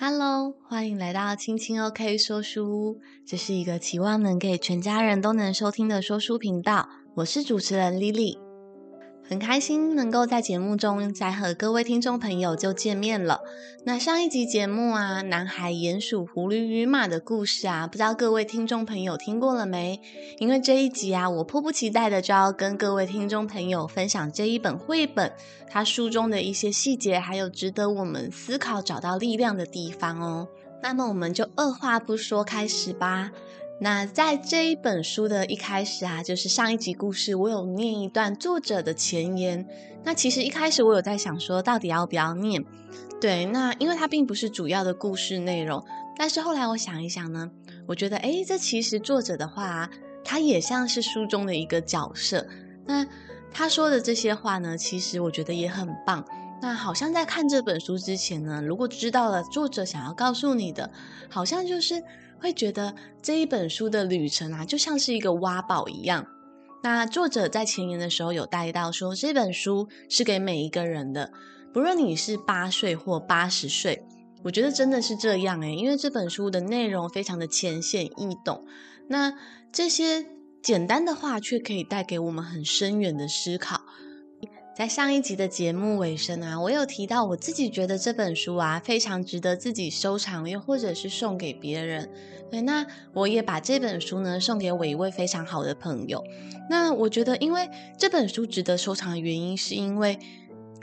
哈嘍，歡迎來到青青 OK 說書屋。這是一個期望能給全家人都能收聽的說書頻道。我是主持人莉莉。很開心能夠在節目中再和各位聽眾朋友就見面了。那上一集節目啊，男孩、鼴鼠、狐狸與馬的故事啊，不知道各位聽眾朋友聽過了沒？因為這一集啊，我迫不及待的就要跟各位聽眾朋友分享這一本繪本，它書中的一些細節，還有值得我們思考、找到力量的地方哦。那麼我們就二話不說，開始吧。那在這一本書的一開始啊，就是上一集故事，我有念一段作者的前言。那其實一開始我有在想，說到底要不要念？對，那因為它並不是主要的故事內容。但是後來我想一想呢，我覺得，欸，這其實作者的話啊，他也像是書中的一個角色。那他說的這些話呢，其實我覺得也很棒。那好像在看這本書之前呢，如果知道了作者想要告訴你的，好像就是。會覺得這一本書的旅程啊，就像是一個挖寶一樣。那作者在前言的時候有帶到說，這本書是給每一個人的，不論你是八歲或八十歲。我覺得真的是這樣誒、欸、因為這本書的內容非常的淺顯易懂，那這些簡單的話卻可以帶給我們很深遠的思考。在上一集的節目尾聲啊，我有提到我自己覺得這本書啊非常值得自己收藏，又或者是送給別人。對，那我也把這本書呢送給我一位非常好的朋友。那我覺得，因為這本書值得收藏的原因，是因為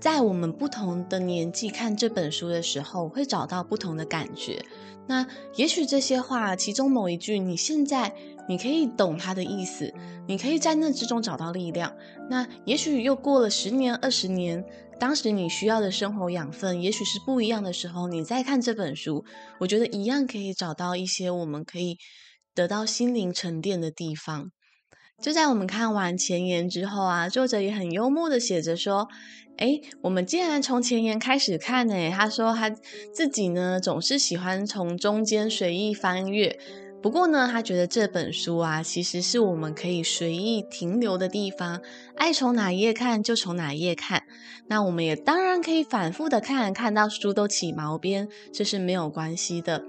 在我們不同的年紀看這本書的時候，會找到不同的感覺。那也許這些話，其中某一句，你現在。你可以懂他的意思，你可以在那之中找到力量。那也許又過了十年、二十年，當時你需要的生活養分也許是不一樣的時候，你再看這本書，我覺得一樣可以找到一些我們可以得到心靈沉澱的地方。就在我們看完前言之後啊，作者也很幽默的寫着說：“欸，我們竟然從前言開始看欸，他說他自己呢總是喜歡從中間隨意翻閱。不過呢，他覺得這本書啊，其實是我們可以隨意停留的地方，愛從哪頁看就從哪頁看。那我們也當然可以反覆的看，看到書都起毛邊，這是沒有關係的。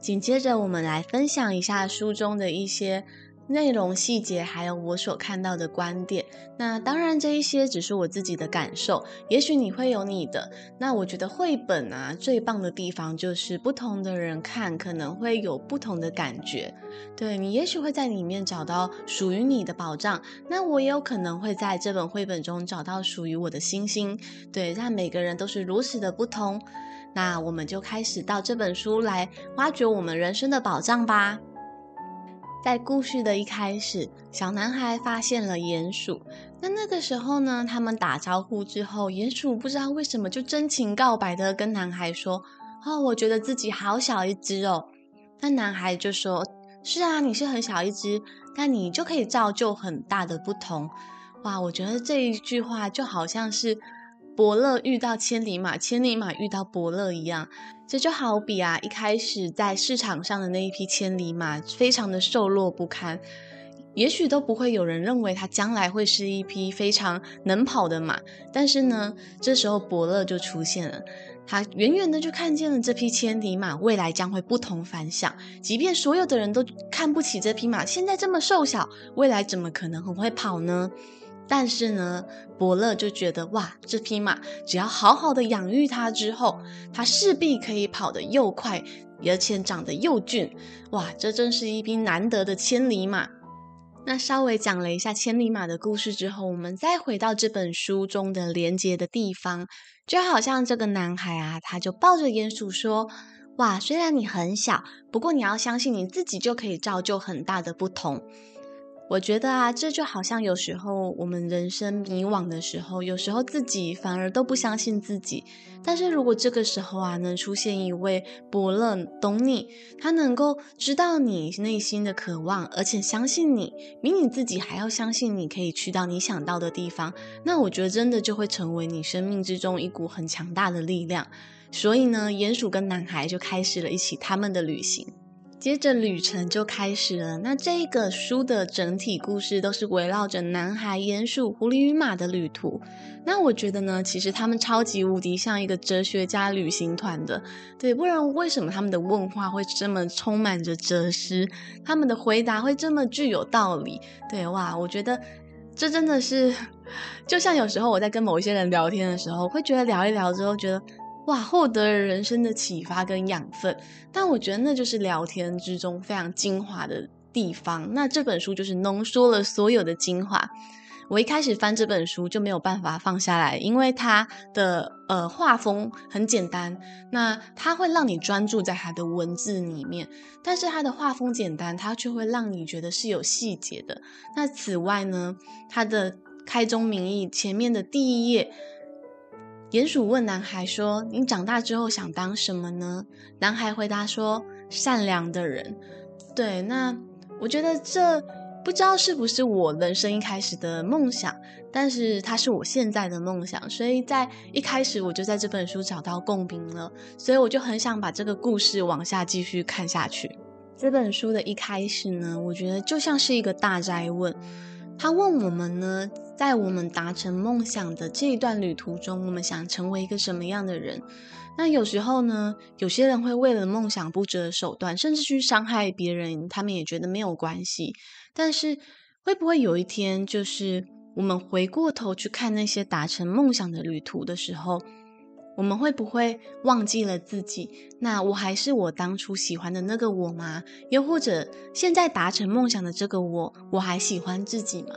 緊接着，我們來分享一下書中的一些，內容細節，還有我所看到的觀點，那當然這一些只是我自己的感受，也許你會有你的。那我覺得繪本啊，最棒的地方就是不同的人看可能會有不同的感覺，對，你也許會在裡面找到屬於你的寶藏，那我也有可能會在這本繪本中找到屬於我的星星，對，讓每個人都是如此的不同。那我們就開始到這本書來挖掘我們人生的寶藏吧。在故事的一開始，小男孩發現了鼴鼠。那那個時候呢，他們打招呼之後，鼴鼠不知道為什麼就真情告白的跟男孩說：“哦，我覺得自己好小一隻哦。”那男孩就說：“是啊，你是很小一隻，但你就可以造就很大的不同。”哇，我覺得這一句話就好像是，伯樂遇到千里馬，千里馬遇到伯樂一樣，這就好比啊，一開始在市場上的那一匹千里馬，非常的瘦弱不堪，也許都不會有人認為它將來會是一匹非常能跑的馬。但是呢，這時候伯樂就出現了，他遠遠的就看見了這匹千里馬，未來將會不同凡響。即便所有的人都看不起這匹馬，現在這麼瘦小，未來怎麼可能很會跑呢？但是呢，伯樂就覺得哇，這匹馬只要好好的養育它之後，它勢必可以跑得又快，而且長得又俊。哇，這真是一匹難得的千里馬。那稍微講了一下千里馬的故事之後，我們再回到這本書中的連結的地方，就好像這個男孩啊，他就抱着鼴鼠說，哇，雖然你很小，不過你要相信你自己就可以造就很大的不同。我覺得啊，這就好像有時候我們人生迷惘的時候，有時候自己反而都不相信自己。但是如果這個時候啊，能出現一位伯樂懂你，他能夠知道你內心的渴望，而且相信你，比你自己還要相信你可以去到你想到的地方，那我覺得真的就會成為你生命之中一股很強大的力量。所以呢，鼹鼠跟男孩就開始了一起他們的旅行。接着旅程就開始了。那這一個書的整體故事都是圍繞着男孩、鼴鼠、狐狸與馬的旅途。那我覺得呢，其實他們超級無敵像一個哲學家旅行團的，對，不然為什麼他們的問話會這麼充滿着哲思，他們的回答會這麼具有道理？對，哇，我覺得這真的是，就像有時候我在跟某一些人聊天的時候，會覺得聊一聊之後覺得。哇，獲得了人生的啟發跟養分，但我覺得那就是聊天之中非常精華的地方。那這本書就是濃縮了所有的精華。我一開始翻這本書就沒有辦法放下來，因為它的呃畫風很簡單，那它會讓你專注在它的文字裡面。但是它的畫風簡單，它卻會讓你覺得是有細節的。那此外呢，它的開宗明義前面的第一頁。鼴鼠問男孩說：“你長大之後想當什麼呢？”男孩回答說：“善良的人。”對，那我覺得這不知道是不是我人生一開始的夢想，但是它是我現在的夢想，所以在一開始我就在這本書找到共鳴了，所以我就很想把這個故事往下繼續看下去。這本書的一開始呢，我覺得就像是一個大哉問，他問我們呢。在我們達成夢想的這一段旅途中，我們想成為一個什麼樣的人？那有時候呢，有些人會為了夢想不擇手段，甚至去傷害別人，他們也覺得沒有關係。但是，會不會有一天，就是我們回過頭去看那些達成夢想的旅途的時候，我們會不會忘記了自己？那我還是我當初喜歡的那個我嗎？又或者，現在達成夢想的這個我，我還喜歡自己嗎？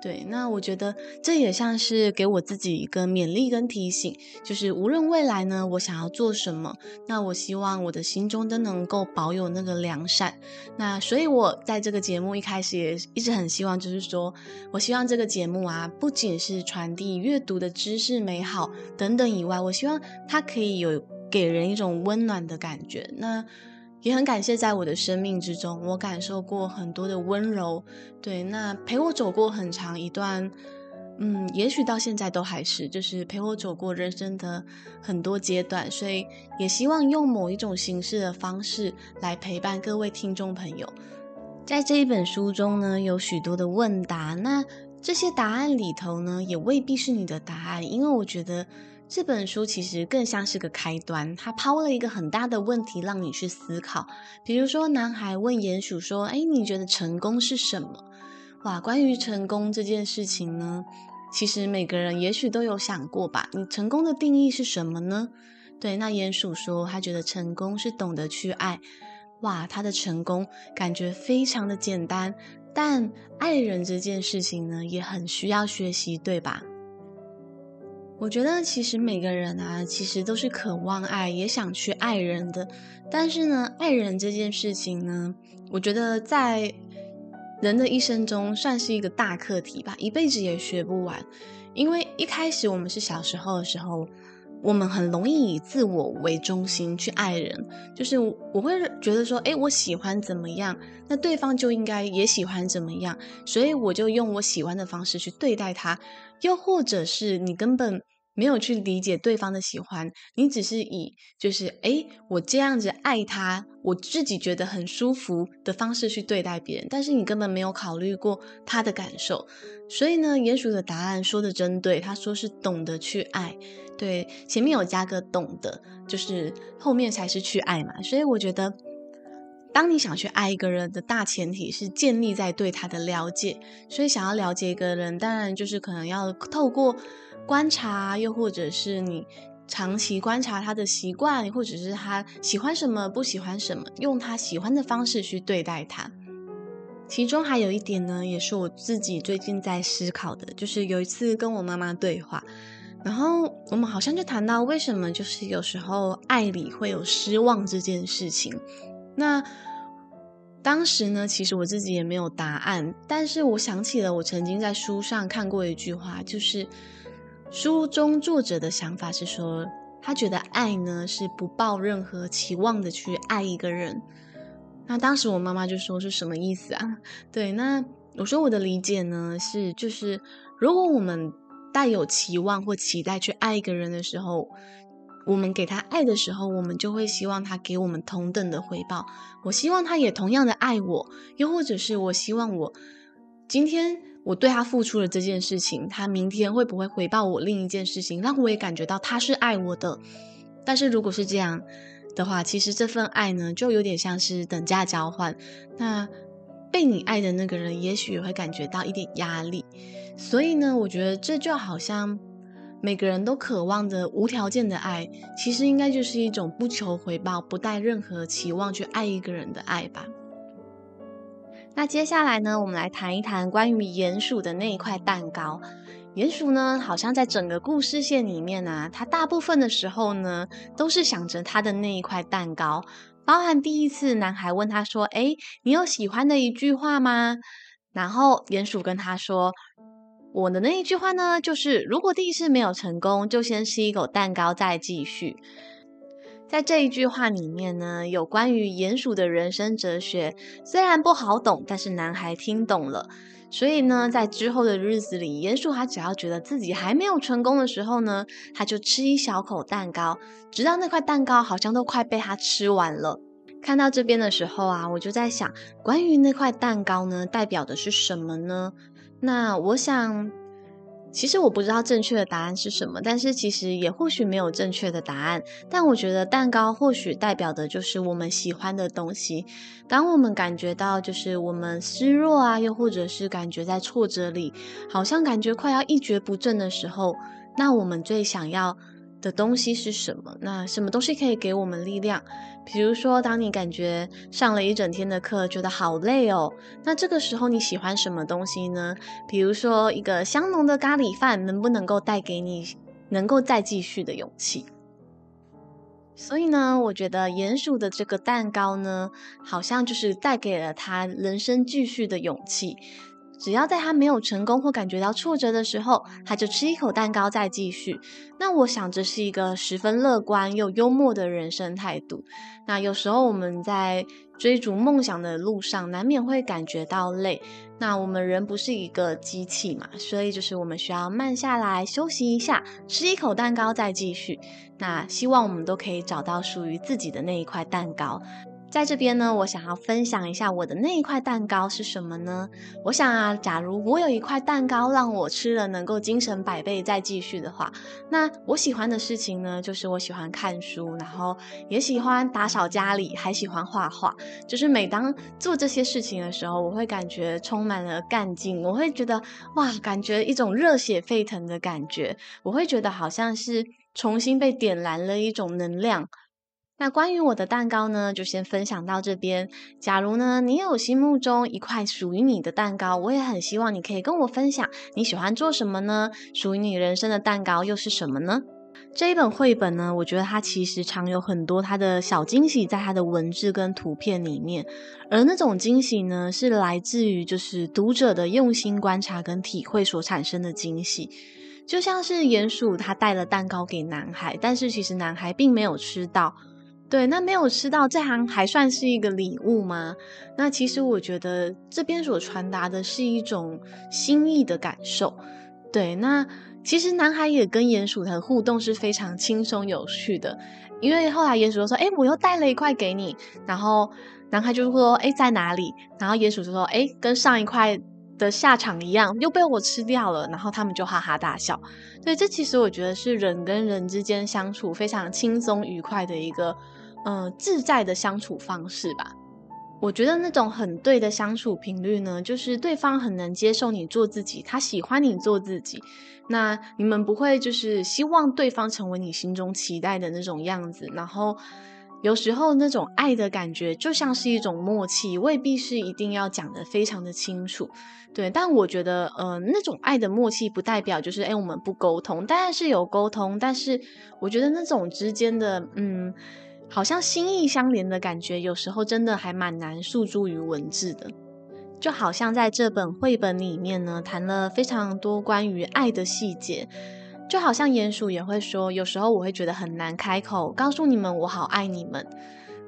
對，那我覺得這也像是給我自己一個勉勵跟提醒，就是無論未來呢，我想要做什麼，那我希望我的心中都能夠保有那個良善。那所以我在這個節目一開始也一直很希望，就是說我希望這個節目啊，不僅是傳遞閱讀的知識、美好等等以外，我希望它可以有給人一種溫暖的感覺。那也很感謝，在我的生命之中，我感受過很多的溫柔。對，那陪我走過很長一段，嗯，也許到現在都還是，就是陪我走過人生的很多階段。所以，也希望用某一種形式的方式，來陪伴各位聽眾朋友。在這一本書中呢，有許多的問答，那這些答案裡頭呢，也未必是你的答案，因為我覺得。這本書其實更像是個開端，它拋了一個很大的問題讓你去思考，比如說男孩問鼴鼠說：“哎，你覺得成功是什麼？”哇，關於成功這件事情呢，其實每個人也許都有想過吧？你成功的定義是什麼呢？對，那鼴鼠說他覺得成功是懂得去愛。哇，他的成功感覺非常的簡單，但愛人這件事情呢，也很需要學習，對吧？我覺得其實每個人啊，其實都是渴望愛，也想去愛人的。但是呢，愛人這件事情呢，我覺得在人的一生中算是一個大課題吧，一輩子也學不完。因為一開始我們是小時候的時候，我們很容易以自我為中心去愛人，就是我會覺得說，誒，我喜歡怎麼樣，那對方就應該也喜歡怎麼樣，所以我就用我喜歡的方式去對待他。又或者是你根本。沒有去理解對方的喜歡，你只是以就是誒，我這樣子愛他，我自己覺得很舒服的方式去對待別人，但是你根本沒有考慮過他的感受。所以呢，鼹鼠的答案說的真對，他說是懂得去愛，對，前面有加個懂得，就是後面才是去愛嘛。所以我覺得，當你想去愛一個人的大前提，是建立在對他的了解。所以想要了解一個人，當然就是可能要透過。觀察，又或者是你長期觀察他的習慣，或者是他喜歡什麼，不喜歡什麼，用他喜歡的方式去對待他。其中還有一點呢，也是我自己最近在思考的，就是有一次跟我媽媽對話，然後我們好像就談到為什麼就是有時候愛裡會有失望這件事情。那當時呢，其實我自己也沒有答案，但是我想起了我曾經在書上看過一句話，就是。書中作者的想法是說，他覺得愛呢是不抱任何期望的去愛一個人。那當時我媽媽就說，是什麼意思啊？對，那我說我的理解呢是，就是如果我們帶有期望或期待去愛一個人的時候，我們給他愛的時候，我們就會希望他給我們同等的回報。我希望他也同樣的愛我，又或者是我希望我今天。我對他付出了這件事情，他明天會不會回報我另一件事情，讓我也感覺到他是愛我的。但是如果是這樣的話，其實這份愛呢，就有點像是等價交換。那被你愛的那個人，也許也會感覺到一點壓力。所以呢，我覺得這就好像每個人都渴望的無條件的愛，其實應該就是一種不求回報、不帶任何期望去愛一個人的愛吧。那接下來呢，我們來談一談關於鼴鼠的那一塊蛋糕。鼴鼠呢，好像在整個故事線裡面呢，它大部分的時候呢，都是想着它的那一塊蛋糕，包含第一次男孩問他說：“誒，你有喜歡的一句話嗎？”然後鼴鼠跟他說：“我的那一句話呢，就是如果第一次沒有成功，就先吃一口蛋糕再繼續。”在這一句話裡面呢，有關於鼴鼠的人生哲學，雖然不好懂，但是男孩聽懂了。所以呢，在之後的日子裡，鼴鼠他只要覺得自己還沒有成功的時候呢，他就吃一小口蛋糕，直到那塊蛋糕好像都快被他吃完了。看到這邊的時候啊，我就在想，關於那塊蛋糕呢，代表的是什麼呢？那我想，其實我不知道正確的答案是什麼，但是其實也或許沒有正確的答案。但我覺得蛋糕或許代表的就是我們喜歡的東西。當我們感覺到就是我們失落啊，又或者是感覺在挫折裡，好像感覺快要一蹶不振的時候，那我們最想要的東西是什麼？那什麼東西可以給我們力量？比如說，當你感覺上了一整天的課，覺得好累哦，那這個時候你喜歡什麼東西呢？比如說，一個香濃的咖喱飯，能不能夠帶給你能夠再繼續的勇氣？所以呢，我覺得鼴鼠的這個蛋糕呢，好像就是帶給了他人生繼續的勇氣。只要在他沒有成功或感覺到挫折的時候，他就吃一口蛋糕再繼續。那我想這是一個十分樂觀又幽默的人生態度。那有時候我們在追逐夢想的路上，難免會感覺到累。那我們人不是一個機器嘛，所以就是我們需要慢下來休息一下，吃一口蛋糕再繼續。那希望我們都可以找到屬於自己的那一塊蛋糕。在這邊呢，我想要分享一下我的那一塊蛋糕是什麼呢？我想啊，假如我有一塊蛋糕讓我吃了能夠精神百倍再繼續的話，那我喜歡的事情呢，就是我喜歡看書，然後也喜歡打掃家裡，還喜歡畫畫。就是每當做這些事情的時候，我會感覺充滿了幹勁，我會覺得哇，感覺一種熱血沸騰的感覺，我會覺得好像是重新被點燃了一種能量。那關於我的蛋糕呢，就先分享到這邊。假如呢，你有心目中一塊屬於你的蛋糕，我也很希望你可以跟我分享。你喜歡做什麼呢？屬於你人生的蛋糕又是什麼呢？這一本繪本呢，我覺得它其實常有很多它的小驚喜在它的文字跟圖片裡面，而那種驚喜呢，是來自於就是讀者的用心觀察跟體會所產生的驚喜。就像是鼴鼠它帶了蛋糕給男孩，但是其實男孩並沒有吃到。對，那沒有吃到這行還算是一個禮物嗎？那其實我覺得這邊所傳達的是一種心意的感受。對，那其實男孩也跟鼴鼠的互動是非常輕鬆有趣的，因為後來鼴鼠說：“欸，我又帶了一塊給你。”然後男孩就說：“欸，在哪裡？”然後鼴鼠就說：“欸，跟上一塊的下場一樣，又被我吃掉了。”然後他們就哈哈大笑。對，這其實我覺得是人跟人之間相處非常輕鬆愉快的一個。呃，自在的相處方式吧。我覺得那種很對的相處頻率呢，就是對方很能接受你做自己，他喜歡你做自己。那你們不會就是希望對方成為你心中期待的那種樣子。然後有時候那種愛的感覺就像是一種默契，未必是一定要講得非常的清楚。對，但我覺得，呃，那種愛的默契不代表就是誒、欸，我們不溝通，當然是有溝通，但是我覺得那種之間的，嗯。好像心意相連的感覺，有時候真的還蠻難訴諸於文字的。就好像在這本繪本裡面呢，談了非常多關於愛的細節。就好像鼴鼠也會說，有時候我會覺得很難開口告訴你們我好愛你們。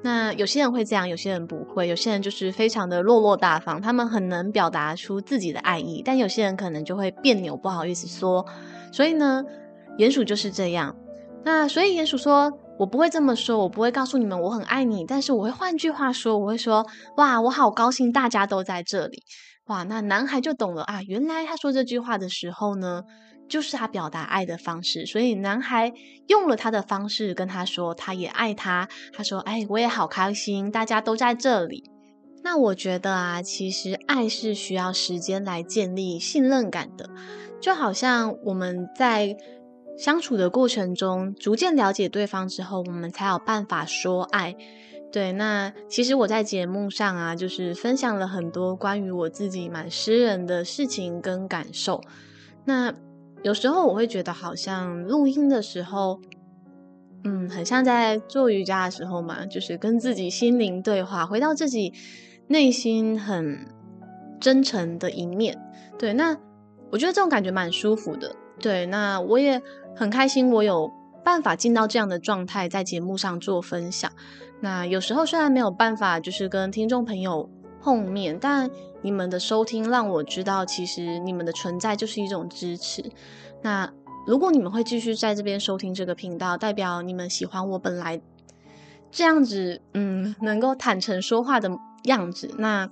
那有些人會這樣，有些人不會，有些人就是非常的落落大方，他們很能表達出自己的愛意，但有些人可能就會彆扭，不好意思說。所以呢，鼴鼠就是這樣。那所以鼴鼠說，我不會這麼說，我不會告訴你們我很愛你，但是我會換句話說，我會說，哇，我好高興，大家都在這裡。哇，那男孩就懂了啊，原來他說這句話的時候呢，就是他表達愛的方式。所以男孩用了他的方式跟他說，他也愛他。他說，哎，我也好開心，大家都在這裡。那我覺得啊，其實愛是需要時間來建立信任感的，就好像我們在。相處的過程中，逐漸了解對方之後，我們才有辦法說愛。對，那其實我在節目上啊，就是分享了很多關於我自己蠻私人的事情跟感受。那有時候我會覺得，好像錄音的時候，嗯，很像在做瑜伽的時候嘛，就是跟自己心靈對話，回到自己內心很真誠的一面。對，那我覺得這種感覺蠻舒服的。對，那我也很開心，我有辦法進到這樣的狀態，在節目上做分享。那有時候雖然沒有辦法，就是跟聽眾朋友碰面，但你們的收聽讓我知道，其實你們的存在就是一種支持。那如果你們會繼續在這邊收聽這個頻道，代表你們喜歡我本來這樣子，嗯，能夠坦誠說話的樣子。那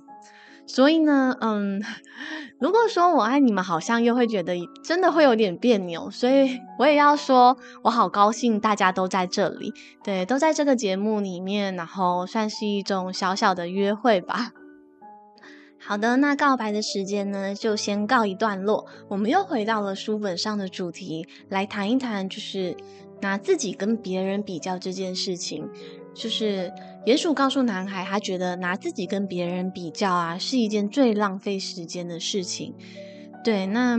所以呢，嗯，如果說我愛你們，好像又會覺得真的會有點彆扭，所以我也要說，我好高興大家都在這裡，對，都在這個節目裡面，然後算是一種小小的約會吧。好的，那告白的時間呢，就先告一段落，我們又回到了書本上的主題，來談一談，就是拿自己跟別人比較這件事情，就是。鼴鼠告訴男孩，他覺得拿自己跟別人比較啊，是一件最浪費時間的事情。對，那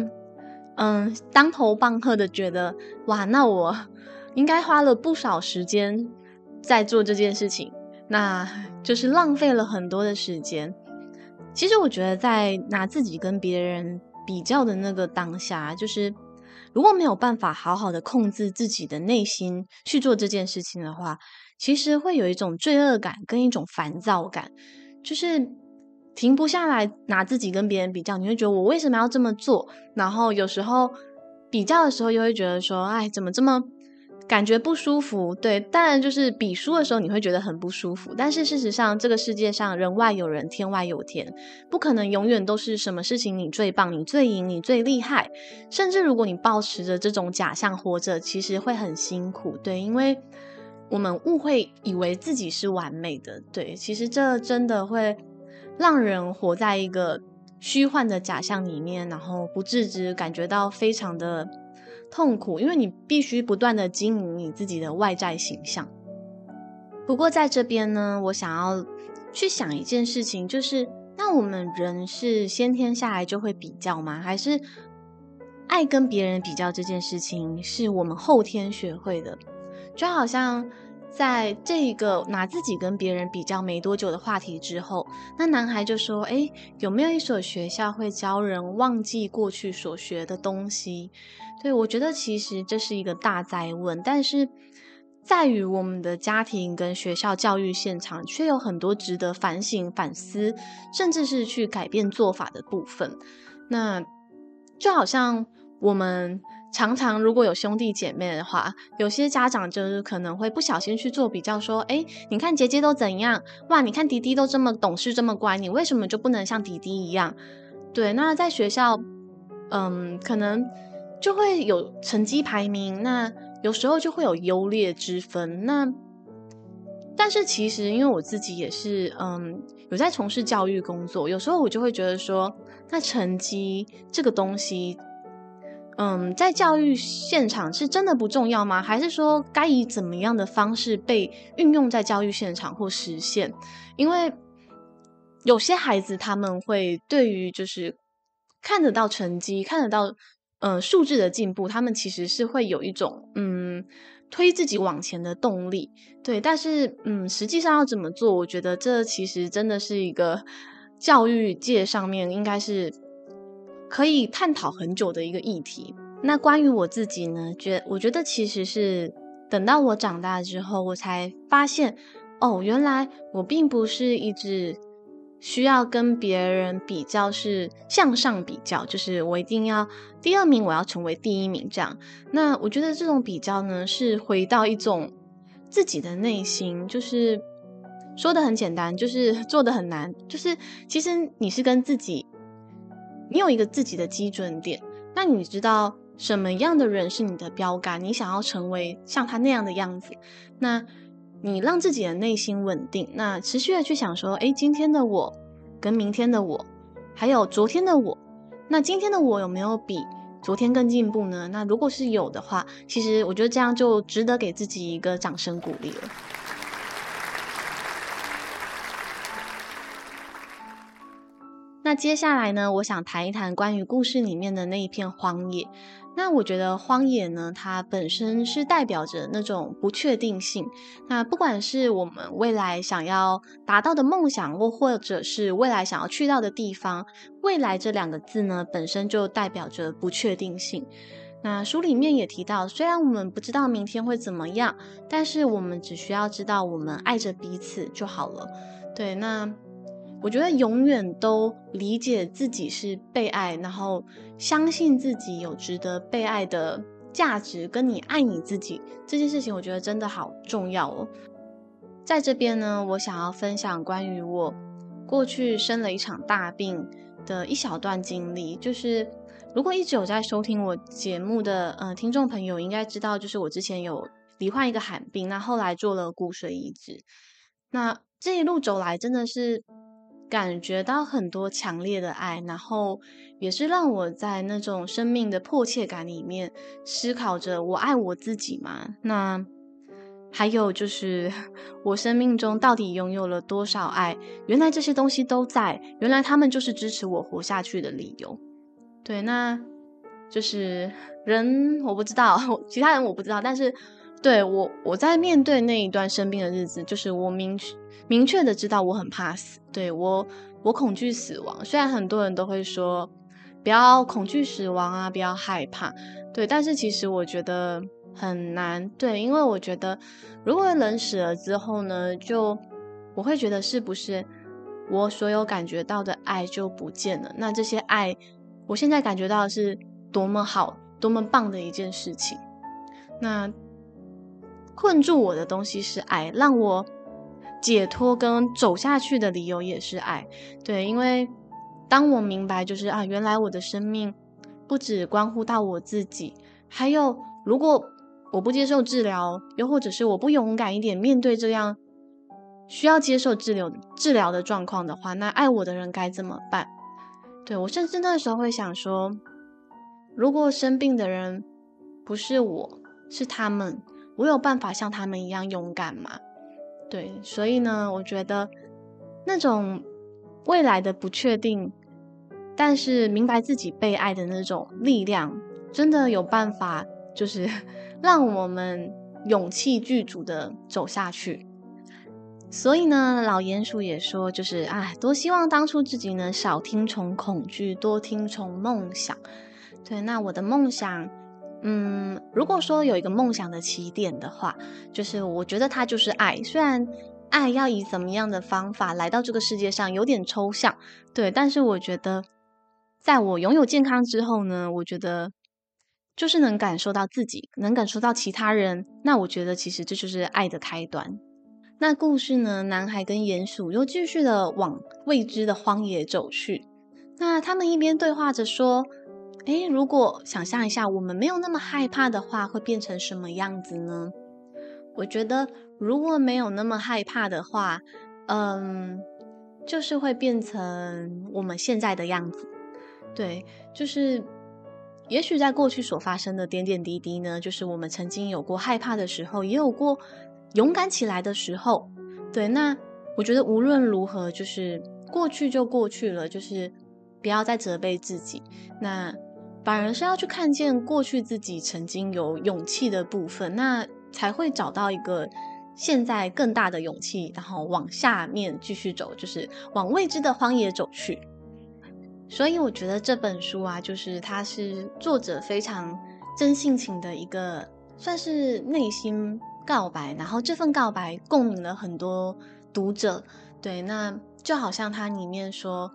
嗯，當頭棒喝的覺得，哇，那我應該花了不少時間在做這件事情，那就是浪費了很多的時間。其實，我覺得在拿自己跟別人比較的那個當下，就是如果沒有辦法好好的控制自己的內心去做這件事情的話。其實會有一種罪惡感跟一種煩躁感，就是停不下來拿自己跟別人比較，你會覺得我為什麼要這麼做？然後有時候比較的時候，又會覺得說，哎，怎麼這麼感覺不舒服？對，當然就是比輸的時候，你會覺得很不舒服。但是事實上，這個世界上人外有人，天外有天，不可能永遠都是什麼事情你最棒、你最贏、你最厲害。甚至如果你抱持着這種假象活着，其實會很辛苦。對，因為。我們誤會，以為自己是完美的，對，其實這真的會讓人活在一個虛幻的假象裡面，然後不自知，感覺到非常的痛苦，因為你必須不斷的經營你自己的外在形象。不過在這邊呢，我想要去想一件事情，就是那我們人是先天下來就會比較嗎？還是愛跟別人比較這件事情是我們後天學會的？就好像。在這一個拿自己跟別人比較沒多久的話題之後，那男孩就說：“哎，有沒有一所學校會教人忘記過去所學的東西？”對，我覺得其實這是一個大哉問，但是在於我們的家庭跟學校教育現場，卻有很多值得反省、反思，甚至是去改變做法的部分。那就好像我們。常常如果有兄弟姐妹的話，有些家長就是可能會不小心去做比較，說：“哎，你看姐姐都怎樣？哇，你看弟弟都這麼懂事這麼乖，你為什麼就不能像弟弟一樣？”對，那在學校，嗯，可能就會有成績排名，那有時候就會有優劣之分。那但是其實，因為我自己也是嗯有在從事教育工作，有時候我就會覺得說，那成績這個東西。嗯，在教育現場是真的不重要嗎？還是說該以怎麼樣的方式被運用在教育現場或實現？因為有些孩子他們會對於就是看得到成績，看得到嗯數字的進步，他們其實是會有一種嗯推自己往前的動力。對，但是嗯，實際上要怎麼做？我覺得這其實真的是一個教育界上面應該是。可以探討很久的一個議題。那關於我自己呢？覺我覺得其實是等到我長大之後，我才發現，哦，原來我並不是一直需要跟別人比較，是向上比較，就是我一定要第二名，我要成為第一名這樣。那我覺得這種比較呢，是回到一種自己的內心，就是說得很簡單，就是做得很難，就是其實你是跟自己。你有一個自己的基準點，那你知道什麼樣的人是你的標杆？你想要成為像他那樣的樣子，那你讓自己的內心穩定，那持續的去想說，誒，今天的我跟明天的我，還有昨天的我，那今天的我有沒有比昨天更進步呢？那如果是有的話，其實我覺得這樣就值得給自己一個掌聲鼓勵了。那接下來呢，我想談一談關於故事裡面的那一片荒野。那我覺得荒野呢，它本身是代表着那種不確定性。那不管是我們未來想要達到的夢想，或或者是未來想要去到的地方，未來這兩個字呢，本身就代表着不確定性。那書裡面也提到，雖然我們不知道明天會怎麼樣，但是我們只需要知道我們愛着彼此就好了。對，那。我覺得永遠都理解自己是被愛，然後相信自己有值得被愛的價值，跟你愛你自己這件事情，我覺得真的好重要哦。在這邊呢，我想要分享關於我過去生了一場大病的一小段經歷，就是如果一直有在收聽我節目的呃聽眾朋友應該知道，就是我之前有罹患一個罕病，那後來做了骨髓移植，那這一路走來真的是。感覺到很多強烈的愛，然後也是讓我在那種生命的迫切感裡面思考着：我愛我自己嗎？那還有就是我生命中到底擁有了多少愛？原來這些東西都在，原來他們就是支持我活下去的理由。對，那就是人，我不知道其他人，我不知道，但是。對我，我在面對那一段生病的日子，就是我明確明確的知道我很怕死，對我，我恐懼死亡。雖然很多人都會說不要恐懼死亡啊，不要害怕，對，但是其實我覺得很難，對，因為我覺得如果人死了之後呢，就我會覺得是不是我所有感覺到的愛就不見了？那這些愛，我現在感覺到的是多麼好、多麼棒的一件事情，那。困住我的東西是愛，讓我解脫跟走下去的理由也是愛。對，因為當我明白，就是啊，原來我的生命不只關乎到我自己，還有如果我不接受治療，又或者是我不勇敢一點面對這樣需要接受治療治療的狀況的話，那愛我的人該怎麼辦？對，我甚至那時候會想說，如果生病的人不是我，是他們。我有辦法像他們一樣勇敢嗎？對，所以呢，我覺得那種未來的不確定，但是明白自己被愛的那種力量，真的有辦法，就是讓我們勇氣具足的走下去。所以呢，老鼴鼠也說，就是啊，多希望當初自己能少聽從恐懼，多聽從夢想。對，那我的夢想。嗯，如果說有一個夢想的起點的話，就是我覺得它就是愛。雖然愛要以怎麼樣的方法來到這個世界上有點抽象，對，但是我覺得，在我擁有健康之後呢，我覺得就是能感受到自己，能感受到其他人，那我覺得其實這就是愛的開端。那故事呢，男孩跟鼴鼠又繼續的往未知的荒野走去。那他們一邊對話着說。哎，如果想象一下，我們沒有那麼害怕的話，會變成什麼樣子呢？我覺得，如果沒有那麼害怕的話，嗯，就是會變成我們現在的樣子。對，就是也許在過去所發生的點點滴滴呢，就是我們曾經有過害怕的時候，也有過勇敢起來的時候。對，那我覺得無論如何，就是過去就過去了，就是不要再責備自己。那反而是要去看見過去自己曾經有勇氣的部分，那才會找到一個現在更大的勇氣，然後往下面繼續走，就是往未知的荒野走去。所以我覺得這本書啊，就是它是作者非常真性情的一個，算是內心告白，然後這份告白共鳴了很多讀者。對，那就好像它裡面說。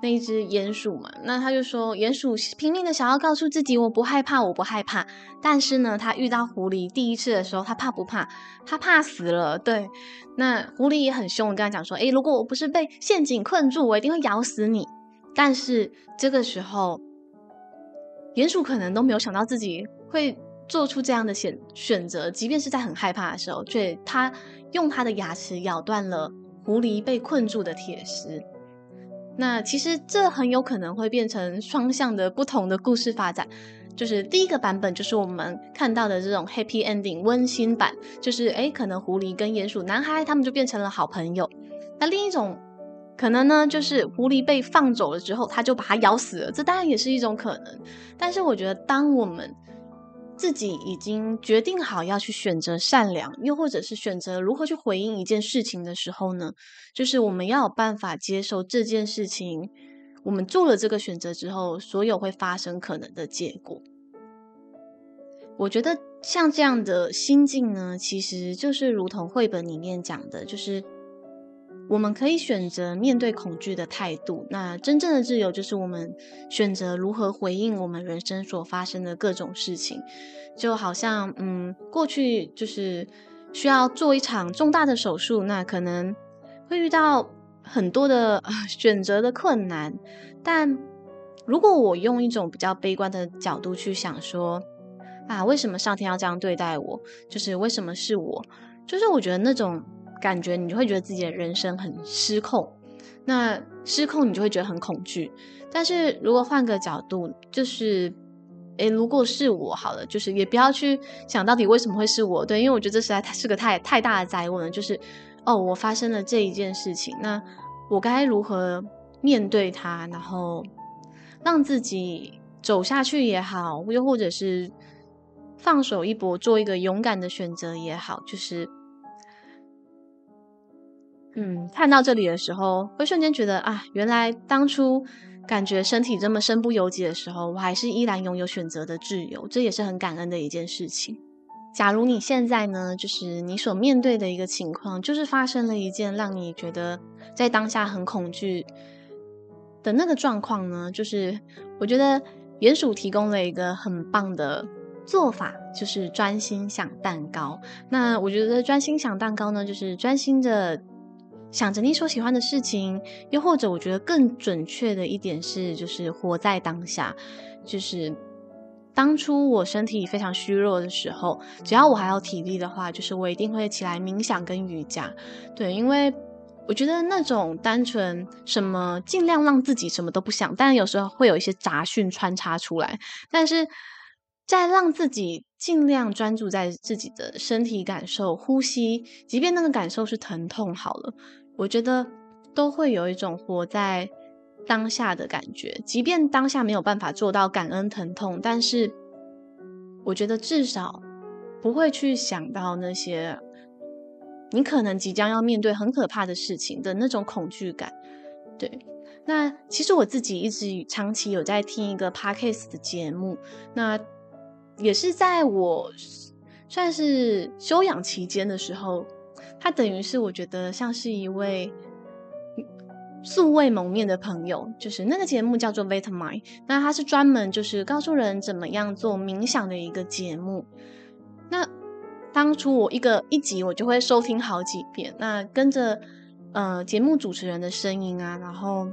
那一隻鼴鼠嘛，那他就說，鼴鼠拼命的想要告訴自己，我不害怕，我不害怕。但是呢，他遇到狐狸第一次的時候，他怕不怕？他怕死了。對，那狐狸也很凶，跟他講說，誒、欸，如果我不是被陷阱困住，我一定會咬死你。但是這個時候，鼹鼠可能都沒有想到自己會做出這樣的選選擇，即便是在很害怕的時候，卻他用他的牙齒咬斷了狐狸被困住的鐵絲。那其實這很有可能會變成雙向的不同的故事發展，就是第一個版本就是我們看到的這種 happy ending 溫馨版，就是誒可能狐狸跟鼴鼠男孩他們就變成了好朋友。那另一種可能呢，就是狐狸被放走了之後，他就把它咬死了，這當然也是一種可能。但是我覺得當我們自己已經決定好要去選擇善良，又或者是選擇如何去回應一件事情的時候呢，就是我們要有辦法接受這件事情，我們做了這個選擇之後，所有會發生可能的結果。我覺得像這樣的心境呢，其實就是如同繪本裡面講的，就是。我們可以選擇面對恐懼的態度。那真正的自由就是我們選擇如何回應我們人生所發生的各種事情。就好像，嗯，過去就是需要做一場重大的手術，那可能會遇到很多的、呃、選擇的困難。但如果我用一種比較悲觀的角度去想說，說啊，為什麼上天要這樣對待我？就是為什麼是我？就是我覺得那種。感覺你就會覺得自己的人生很失控，那失控你就會覺得很恐懼。但是如果換個角度，就是，哎，如果是我，好了，就是也不要去想到底為什麼會是我，對，因為我覺得這實在是個太太大的災禍了。就是，哦，我發生了這一件事情，那我該如何面對它？然後讓自己走下去也好，又或者是放手一搏，做一個勇敢的選擇也好，就是。嗯，看到這裡的時候，會瞬間覺得啊，原來當初感覺身體這麼身不由己的時候，我還是依然擁有選擇的自由，這也是很感恩的一件事情。假如你現在呢，就是你所面對的一個情況，就是發生了一件讓你覺得在當下很恐懼的那個狀況呢，就是我覺得鼴鼠提供了一個很棒的做法，就是專心想蛋糕。那我覺得專心想蛋糕呢，就是專心的。想着你所喜歡的事情，又或者，我覺得更準確的一點是，就是活在當下。就是當初我身體非常虛弱的時候，只要我還有體力的話，就是我一定會起來冥想跟瑜伽。對，因為我覺得那種單純什麼，盡量讓自己什麼都不想，但有時候會有一些雜訊穿插出來，但是。在讓自己盡量專注在自己的身體感受、呼吸，即便那個感受是疼痛，好了，我覺得都會有一種活在當下的感覺。即便當下沒有辦法做到感恩疼痛，但是我覺得至少不會去想到那些你可能即將要面對很可怕的事情的那種恐懼感。對，那其實我自己一直長期有在聽一個 podcast 的節目，那。也是在我算是休養期間的時候，他等於是我覺得像是一位素未謀面的朋友，就是那個節目叫做《Vitamin》，那他是專門就是告訴人怎麼樣做冥想的一個節目。那當初我一個一集我就會收聽好幾遍，那跟着呃節目主持人的聲音啊，然後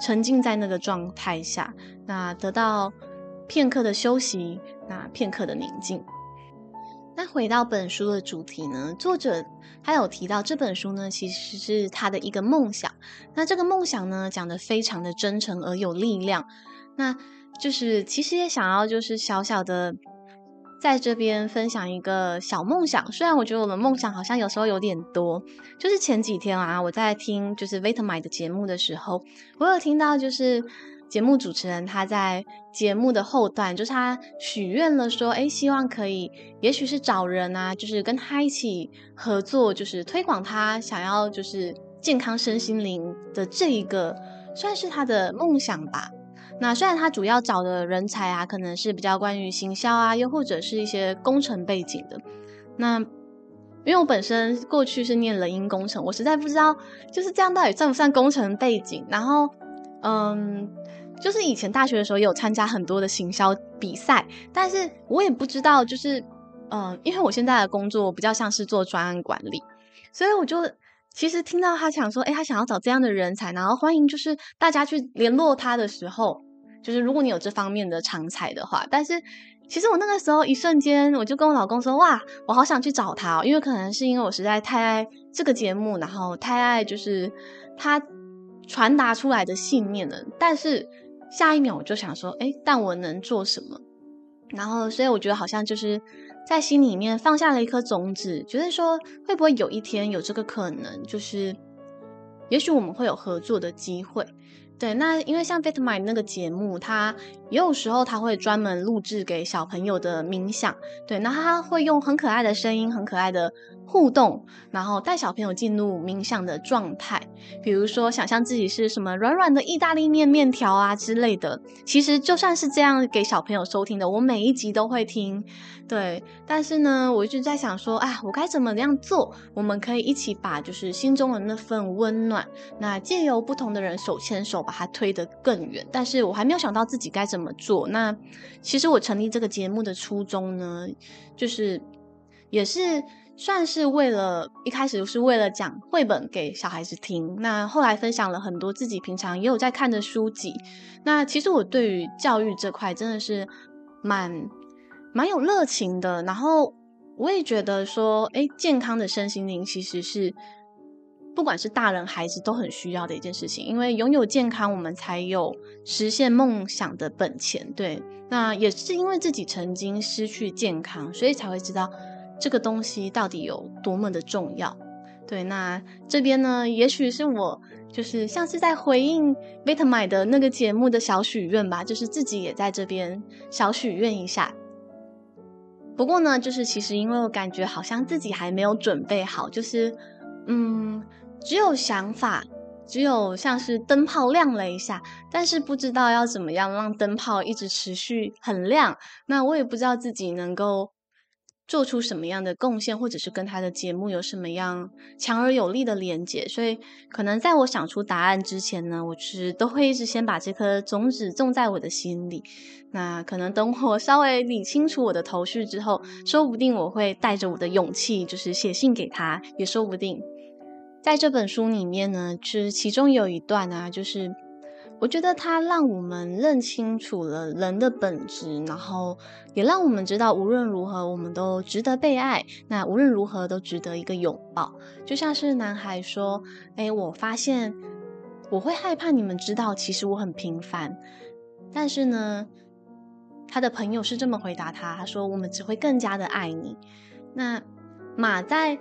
沉浸在那個狀態下，那得到。片刻的休息，那片刻的寧靜。那回到本書的主題呢，作者他有提到這本書呢，其實是他的一個夢想。那這個夢想呢，講得非常的真誠而有力量。那就是其實也想要就是小小的在這邊分享一個小夢想。雖然我覺得我的夢想好像有時候有點多。就是前幾天啊，我在聽就是維特買的節目的時候，我有聽到就是。節目主持人他在節目的後段，就是他許願了，說：“誒，希望可以，也許是找人啊，就是跟他一起合作，就是推廣他想要就是健康身心靈的這一個，算是他的夢想吧。那雖然他主要找的人才啊，可能是比較關於行銷啊，又或者是一些工程背景的。那因為我本身過去是念人因工程，我實在不知道就是這樣到底算不算工程背景。然後，嗯。”就是以前大學的時候也有參加很多的行銷比賽，但是我也不知道，就是，嗯、呃，因為我現在的工作比較像是做專案管理，所以我就其實聽到他想說，誒、欸，他想要找這樣的人才，然後歡迎就是大家去聯絡他的時候，就是如果你有這方面的長才的話，但是其實我那個時候一瞬間，我就跟我老公說，哇，我好想去找他哦、喔，因為可能是因為我實在太愛這個節目，然後太愛就是他傳達出來的信念了，但是。下一秒我就想說，誒、欸，但我能做什麼？然後，所以我覺得好像就是在心裡面放下了一顆種子，覺得說會不會有一天有這個可能，就是也許我們會有合作的機會。對，那因為像 Fitmind 那個節目，它也有時候它會專門錄製給小朋友的冥想，對，那他會用很可愛的聲音，很可愛的。互動，然後帶小朋友進入冥想的狀態，比如說想象自己是什麼軟軟的意大利面麵條啊之類的。其實就算是這樣給小朋友收聽的，我每一集都會聽，對。但是呢，我一直在想說，啊，我該怎麼樣做？我們可以一起把就是心中的那份溫暖，那借由不同的人手牽手把它推得更遠。但是我還沒有想到自己該怎麼做。那其實我成立這個節目的初衷呢，就是也是。算是為了一開始就是為了講繪本給小孩子聽，那後來分享了很多自己平常也有在看的書籍。那其實我對於教育這塊真的是蠻蠻有熱情的，然後我也覺得說，誒、欸，健康的身心靈其實是不管是大人孩子都很需要的一件事情，因為擁有健康，我們才有實現夢想的本錢。對，那也是因為自己曾經失去健康，所以才會知道。這個東西到底有多麼的重要？對，那這邊呢，也許是我，就是像是在回應 Vitamin 的那個節目的小許願吧，就是自己也在這邊小許願一下。不過呢，就是其實因為我感覺好像自己還沒有準備好，就是嗯，只有想法，只有像是燈泡亮了一下，但是不知道要怎麼樣讓燈泡一直持續很亮。那我也不知道自己能夠。做出什麼樣的貢獻，或者是跟他的節目有什麼樣強而有力的連接？所以，可能在我想出答案之前呢，我其實都會一直先把這顆種子種在我的心裡。那可能等我稍微理清楚我的頭緒之後，說不定我會帶着我的勇氣，就是寫信給他，也說不定。在這本書裡面呢，其實其中有一段啊，就是。我覺得他讓我們認清楚了人的本質，然後也讓我們知道，無論如何，我們都值得被愛。那無論如何都值得一個擁抱。就像是男孩說：“誒、欸，我發現我會害怕你們知道，其實我很平凡。”但是呢，他的朋友是這麼回答他：“他說我們只會更加的愛你。”那馬在。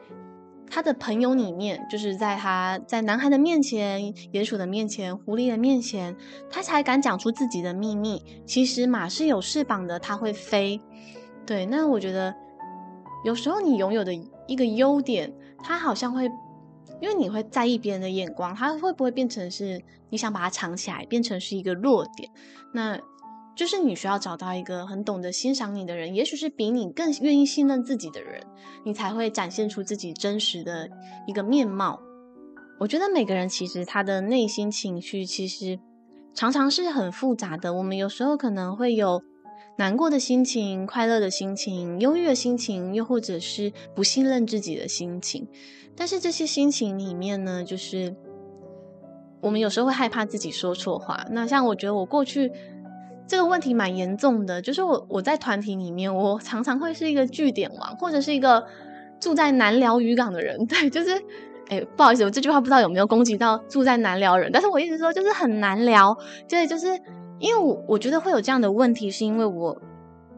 他的朋友裡面，就是在他在男孩的面前、鼴鼠的面前、狐狸的面前，他才敢講出自己的秘密。其實馬是有翅膀的，它會飛。對，那我覺得有時候你擁有的一個優點，它好像會，因為你會在意別人的眼光，它會不會變成是你想把它藏起來，變成是一個弱點？那。就是你需要找到一個很懂得欣賞你的人，也許是比你更願意信任自己的人，你才會展現出自己真實的一個面貌。我覺得每個人其實他的內心情緒其實常常是很複雜的。我們有時候可能會有難過的心情、快樂的心情、憂鬱的心情，又或者是不信任自己的心情。但是這些心情裡面呢，就是我們有時候會害怕自己說錯話。那像我覺得我過去。這個問題蠻嚴重的，就是我我在團體裡面，我常常會是一個句點王，或者是一個住在南寮漁港的人。對，就是，誒、欸，不好意思，我這句話不知道有沒有攻擊到住在南寮人，但是我意思是說就是很難聊，所以就是因為我，我覺得會有這樣的問題，是因為我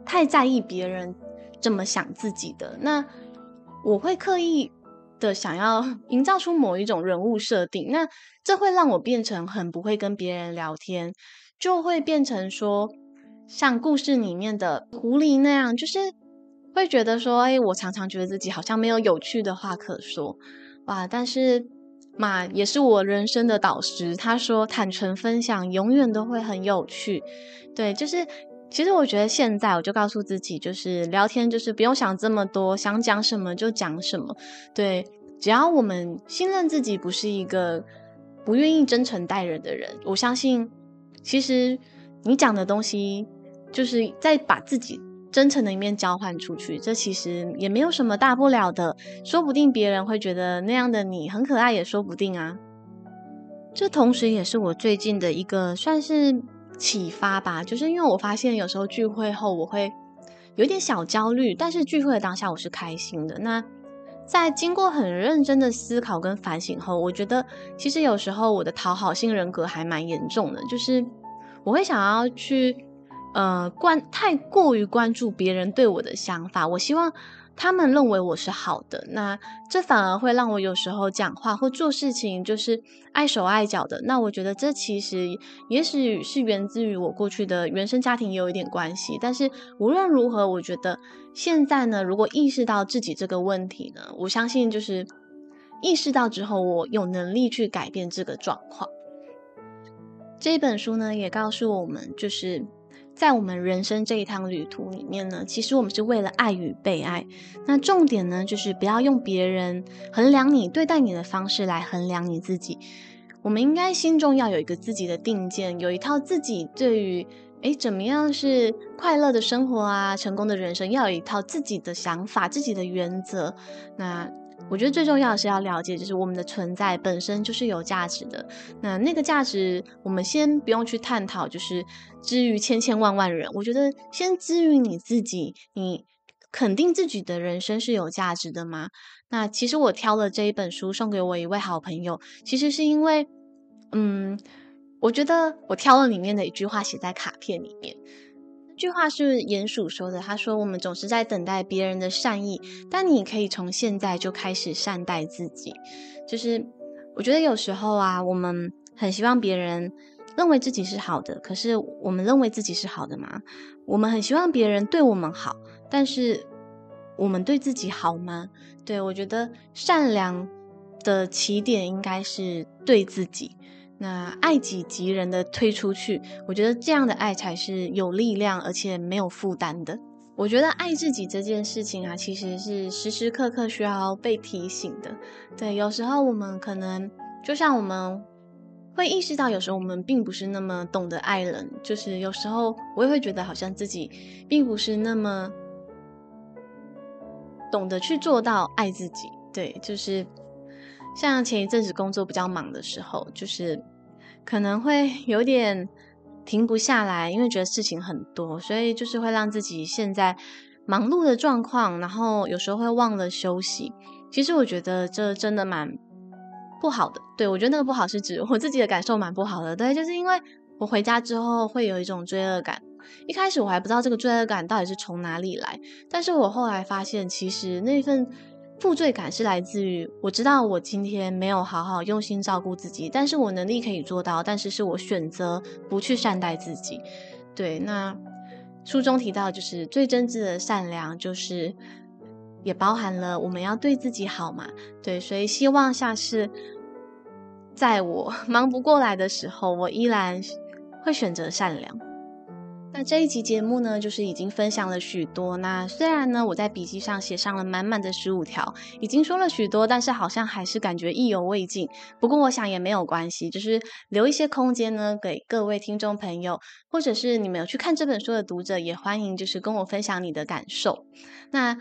太在意別人怎麼想自己的，那我會刻意的想要營造出某一種人物設定，那這會讓我變成很不會跟別人聊天。就會變成說，像故事裡面的狐狸那樣，就是會覺得說，哎，我常常覺得自己好像沒有有趣的話可說，哇！但是馬，也是我人生的導師，他說坦誠分享永遠都會很有趣。對，就是其實我覺得現在我就告訴自己，就是聊天就是不用想這麼多，想講什麼就講什麼。對，只要我們信任自己，不是一個不願意真誠待人的人，我相信。其實，你講的東西，就是在把自己真誠的一面交換出去，這其實也沒有什麼大不了的。說不定別人會覺得那樣的你很可愛，也說不定啊。這同時也是我最近的一個算是啟發吧，就是因為我發現有時候聚會後我會有點小焦慮，但是聚會的當下我是開心的，那。在經過很認真的思考跟反省後，我覺得其實有時候我的討好性人格還蠻嚴重的，就是我會想要去，呃關太過於關注別人對我的想法，我希望。他們認為我是好的，那這反而會讓我有時候講話或做事情就是礙手礙腳的。那我覺得這其實也許是源自於我過去的原生家庭也有一點關係。但是無論如何，我覺得現在呢，如果意識到自己這個問題呢，我相信就是意識到之後，我有能力去改變這個狀況。這一本書呢，也告訴我們就是。在我們人生這一趟旅途裡面呢，其實我們是為了愛與被愛。那重點呢，就是不要用別人衡量你對待你的方式來衡量你自己。我們應該心中要有一個自己的定見，有一套自己對於誒怎麼樣是快樂的生活啊，成功的人生，要有一套自己的想法、自己的原則。那。我覺得最重要的是要了解，就是我們的存在本身就是有價值的。那那個價值，我們先不用去探討，就是之於千千萬萬人。我覺得先之於你自己，你肯定自己的人生是有價值的嗎？那其實我挑了這一本書送給我一位好朋友，其實是因為，嗯，我覺得我挑了裡面的一句話寫在卡片裡面。這句話是鼴鼠說的，他說：“我們總是在等待別人的善意，但你可以從現在就開始善待自己。”就是我覺得有時候啊，我們很希望別人認為自己是好的，可是我們認為自己是好的嗎？我們很希望別人對我們好，但是我們對自己好嗎？對，我覺得善良的起點應該是對自己。那愛己及人的推出去，我覺得這樣的愛才是有力量，而且沒有負擔的。我覺得愛自己這件事情啊，其實是時時刻刻需要被提醒的。對，有時候我們可能就像我們會意識到，有時候我們並不是那麼懂得愛人，就是有時候我也會覺得好像自己並不是那麼懂得去做到愛自己。對，就是。像前一陣子工作比較忙的時候，就是可能會有點停不下來，因為覺得事情很多，所以就是會讓自己現在忙碌的狀況，然後有時候會忘了休息。其實我覺得這真的蠻不好的，對，我覺得那個不好是指我自己的感受蠻不好的。對，就是因為我回家之後會有一種罪惡感，一開始我還不知道這個罪惡感到底是從哪裡來，但是我後來發現，其實那份。負罪感是來自於我知道我今天沒有好好用心照顧自己，但是我能力可以做到，但是是我選擇不去善待自己。對，那書中提到就是最真摯的善良，就是也包含了我們要對自己好嘛。對，所以希望下次在我忙不過來的時候，我依然會選擇善良。那這一集節目呢，就是已經分享了許多。那雖然呢，我在筆記上寫上了滿滿的十五條，已經說了許多，但是好像還是感覺意猶未盡。不過我想也沒有關係，就是留一些空間呢，給各位聽眾朋友，或者是你們有去看這本書的讀者，也歡迎就是跟我分享你的感受。那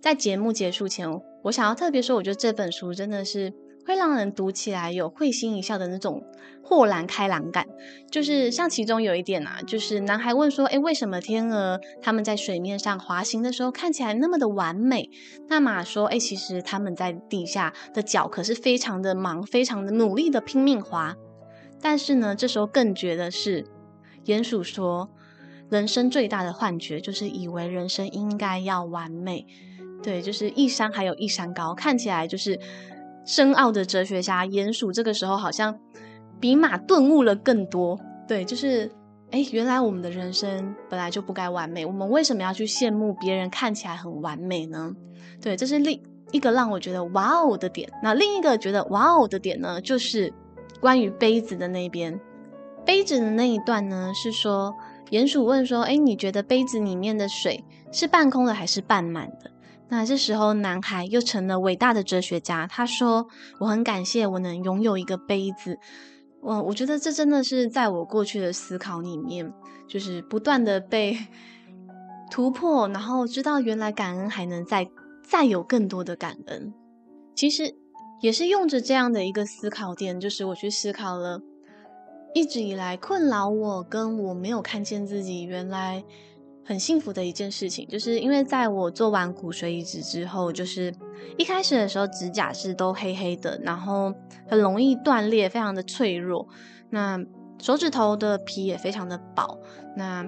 在節目結束前，我想要特別說，我覺得這本書真的是。會讓人讀起來有會心一笑的那種豁然開朗感，就是像其中有一點啊，就是男孩問說：“誒，為什麼天鵝他們在水面上滑行的時候看起來那麼的完美？”那馬說：“誒，其實他們在地下的腳可是非常的忙，非常的努力的拼命滑。”但是呢，這時候更覺得是鼴鼠說：“人生最大的幻覺就是以為人生應該要完美。”對，就是一山還有一山高，看起來就是。深奧的哲學家鼴鼠這個時候好像比馬頓悟了更多。對，就是，哎，原來我們的人生本來就不該完美，我們為什麼要去羨慕別人看起來很完美呢？對，這是另一個讓我覺得哇哦的點。那另一個覺得哇哦的點呢，就是關於杯子的那邊，杯子的那一段呢，是說鼴鼠問說，哎，你覺得杯子裡面的水是半空的還是半滿的？那這時候，男孩又成了偉大的哲學家。他說：“我很感謝我能擁有一個杯子。”我我覺得這真的是在我過去的思考裡面，就是不斷的被突破，然後知道原來感恩還能再再有更多的感恩。其實也是用着這樣的一個思考點，就是我去思考了，一直以來困擾我，跟我沒有看見自己原來。很幸福的一件事情，就是因為在我做完骨髓移植之後，就是一開始的時候，指甲是都黑黑的，然後很容易斷裂，非常的脆弱。那手指頭的皮也非常的薄。那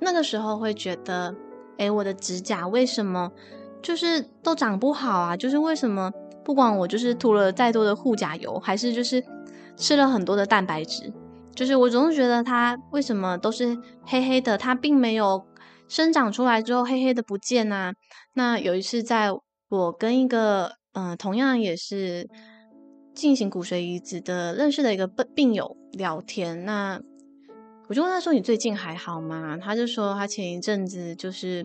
那個時候會覺得，欸，我的指甲為什麼就是都長不好啊？就是為什麼不管我就是塗了再多的護甲油，還是就是吃了很多的蛋白質，就是我總是覺得它為什麼都是黑黑的，它並沒有。生長出來之後，黑黑的不見吶、啊。那有一次，在我跟一個嗯、呃，同樣也是進行骨髓移植的、認識的一個病病友聊天，那我就問他說：“你最近還好嗎？”他就說他前一陣子就是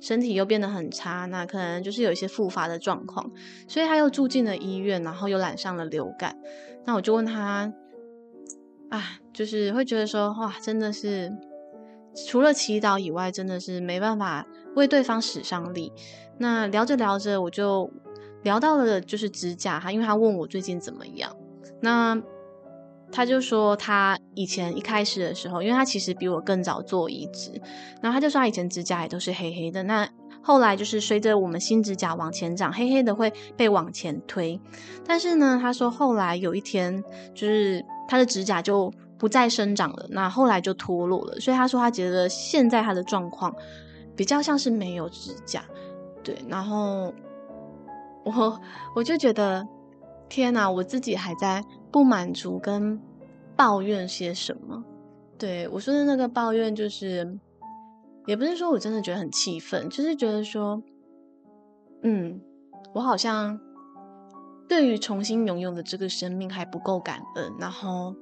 身體又變得很差，那可能就是有一些復發的狀況，所以他又住進了醫院，然後又染上了流感。那我就問他，啊，就是會覺得說，哇，真的是。除了祈禱以外，真的是沒辦法為對方使上力。那聊着聊着，我就聊到了就是指甲，哈，因為他問我最近怎麼樣，那他就說他以前一開始的時候，因為他其實比我更早做移植，然後他就說他以前指甲也都是黑黑的，那後來就是隨着我們新指甲往前長，黑黑的會被往前推，但是呢，他說後來有一天，就是他的指甲就。不再生長了，那後來就脫落了。所以他說他覺得現在他的狀況比較像是沒有指甲，對。然後我我就覺得天哪，我自己還在不滿足跟抱怨些什麼？對我說的那個抱怨就是，也不是說我真的覺得很氣憤，就是覺得說，嗯，我好像對於重新擁有的這個生命還不夠感恩，然後。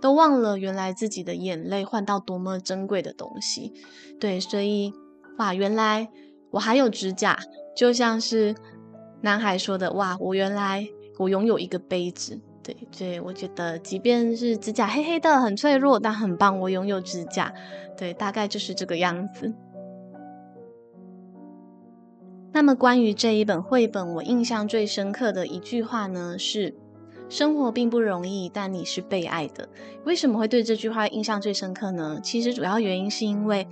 都忘了原來自己的眼淚換到多麼珍貴的東西，對，所以哇，原來我還有指甲，就像是男孩說的，哇，我原來我擁有一個杯子，對對，所以我覺得即便是指甲黑黑的很脆弱，但很棒，我擁有指甲，對，大概就是這個樣子。那麼關於這一本繪本，我印象最深刻的一句話呢是。生活並不容易，但你是被愛的。為什麼會對這句話印象最深刻呢？其實主要原因是因為，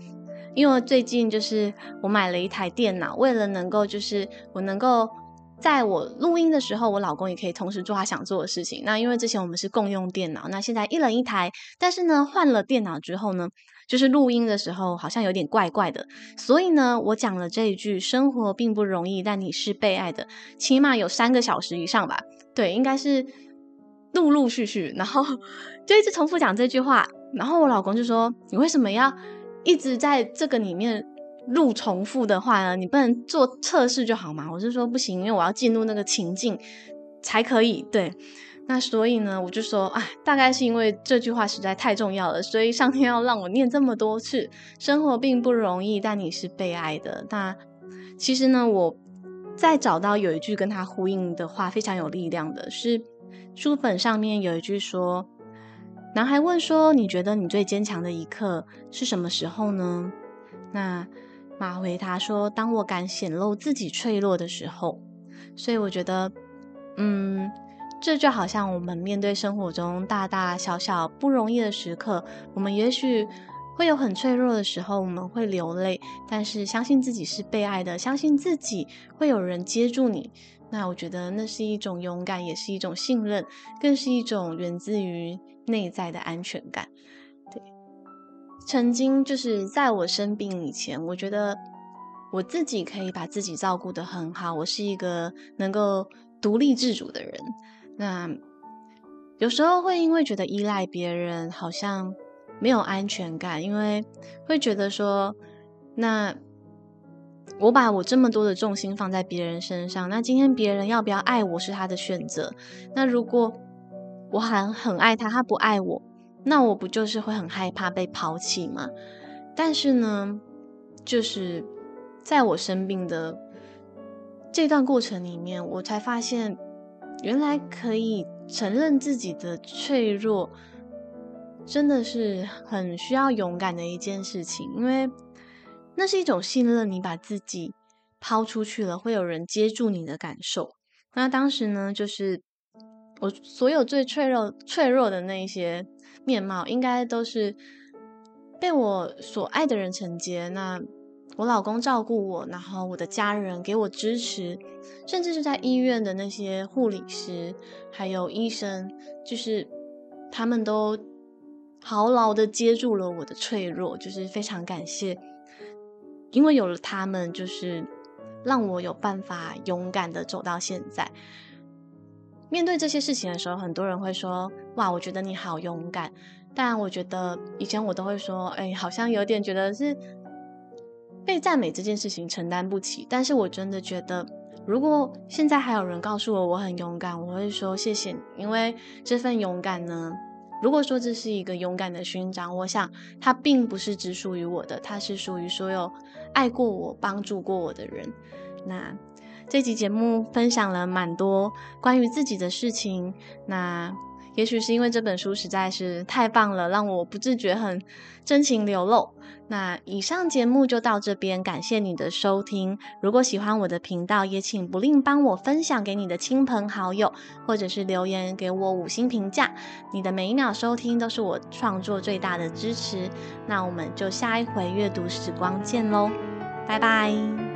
因為最近就是我買了一台電腦，為了能夠就是我能夠在我錄音的時候，我老公也可以同時做他想做的事情。那因為之前我們是共用電腦，那現在一人一台。但是呢，換了電腦之後呢，就是錄音的時候好像有點怪怪的。所以呢，我講了這一句“生活並不容易，但你是被愛的”，起碼有三個小時以上吧？對，應該是。陸陸續續，然後就一直重複講這句話，然後我老公就說：“你為什麼要一直在這個裡面錄重複的話呢？你不能做測試就好嘛？”我是說不行，因為我要進入那個情境才可以。對，那所以呢，我就說，唉，大概是因為這句話實在太重要了，所以上天要讓我念這麼多次。生活並不容易，但你是被愛的。那其實呢，我再找到有一句跟他呼應的話，非常有力量的是。書本上面有一句說：“男孩問說，你覺得你最堅強的一刻是什麼時候呢？”那馬回答說：“當我敢顯露自己脆弱的時候。”所以我覺得，嗯，這就好像我們面對生活中大大小小不容易的時刻，我們也許。會有很脆弱的時候，我們會流淚，但是相信自己是被愛的，相信自己會有人接住你。那我覺得那是一種勇敢，也是一種信任，更是一種源自於內在的安全感。對，曾經就是在我生病以前，我覺得我自己可以把自己照顧得很好，我是一個能夠獨立自主的人。那有時候會因為覺得依賴別人，好像。沒有安全感，因為會覺得說，那我把我這麼多的重心放在別人身上，那今天別人要不要愛我是他的選擇。那如果我還很愛他，他不愛我，那我不就是會很害怕被拋棄嗎？但是呢，就是在我生病的這段過程裡面，我才發現，原來可以承認自己的脆弱。真的是很需要勇敢的一件事情，因為那是一種信任，你把自己拋出去了，會有人接住你的感受。那當時呢，就是我所有最脆弱、脆弱的那一些面貌，應該都是被我所愛的人承接。那我老公照顧我，然後我的家人給我支持，甚至是在醫院的那些護理師，還有醫生，就是他們都牢牢的接住了我的脆弱，就是非常感謝，因為有了他們，就是讓我有辦法勇敢的走到現在。面對這些事情的時候，很多人會說：“哇，我覺得你好勇敢。”但我覺得以前我都會說：“哎，好像有點覺得是被讚美這件事情承擔不起。”但是我真的覺得，如果現在還有人告訴我我很勇敢，我會說謝謝你，因為這份勇敢呢，如果說這是一個勇敢的勳章，我想它並不是只屬於我的，它是屬於所有愛過我、幫助過我的人。那這集節目分享了蠻多關於自己的事情，那也許是因為這本書實在是太棒了，讓我不自覺很真情流露。那以上節目就到這邊，感謝你的收聽。如果喜歡我的頻道，也請不吝幫我分享給你的親朋好友，或者是留言給我五星評價。你的每一秒收聽都是我創作最大的支持。那我們就下一回閱讀時光見嘍，拜拜。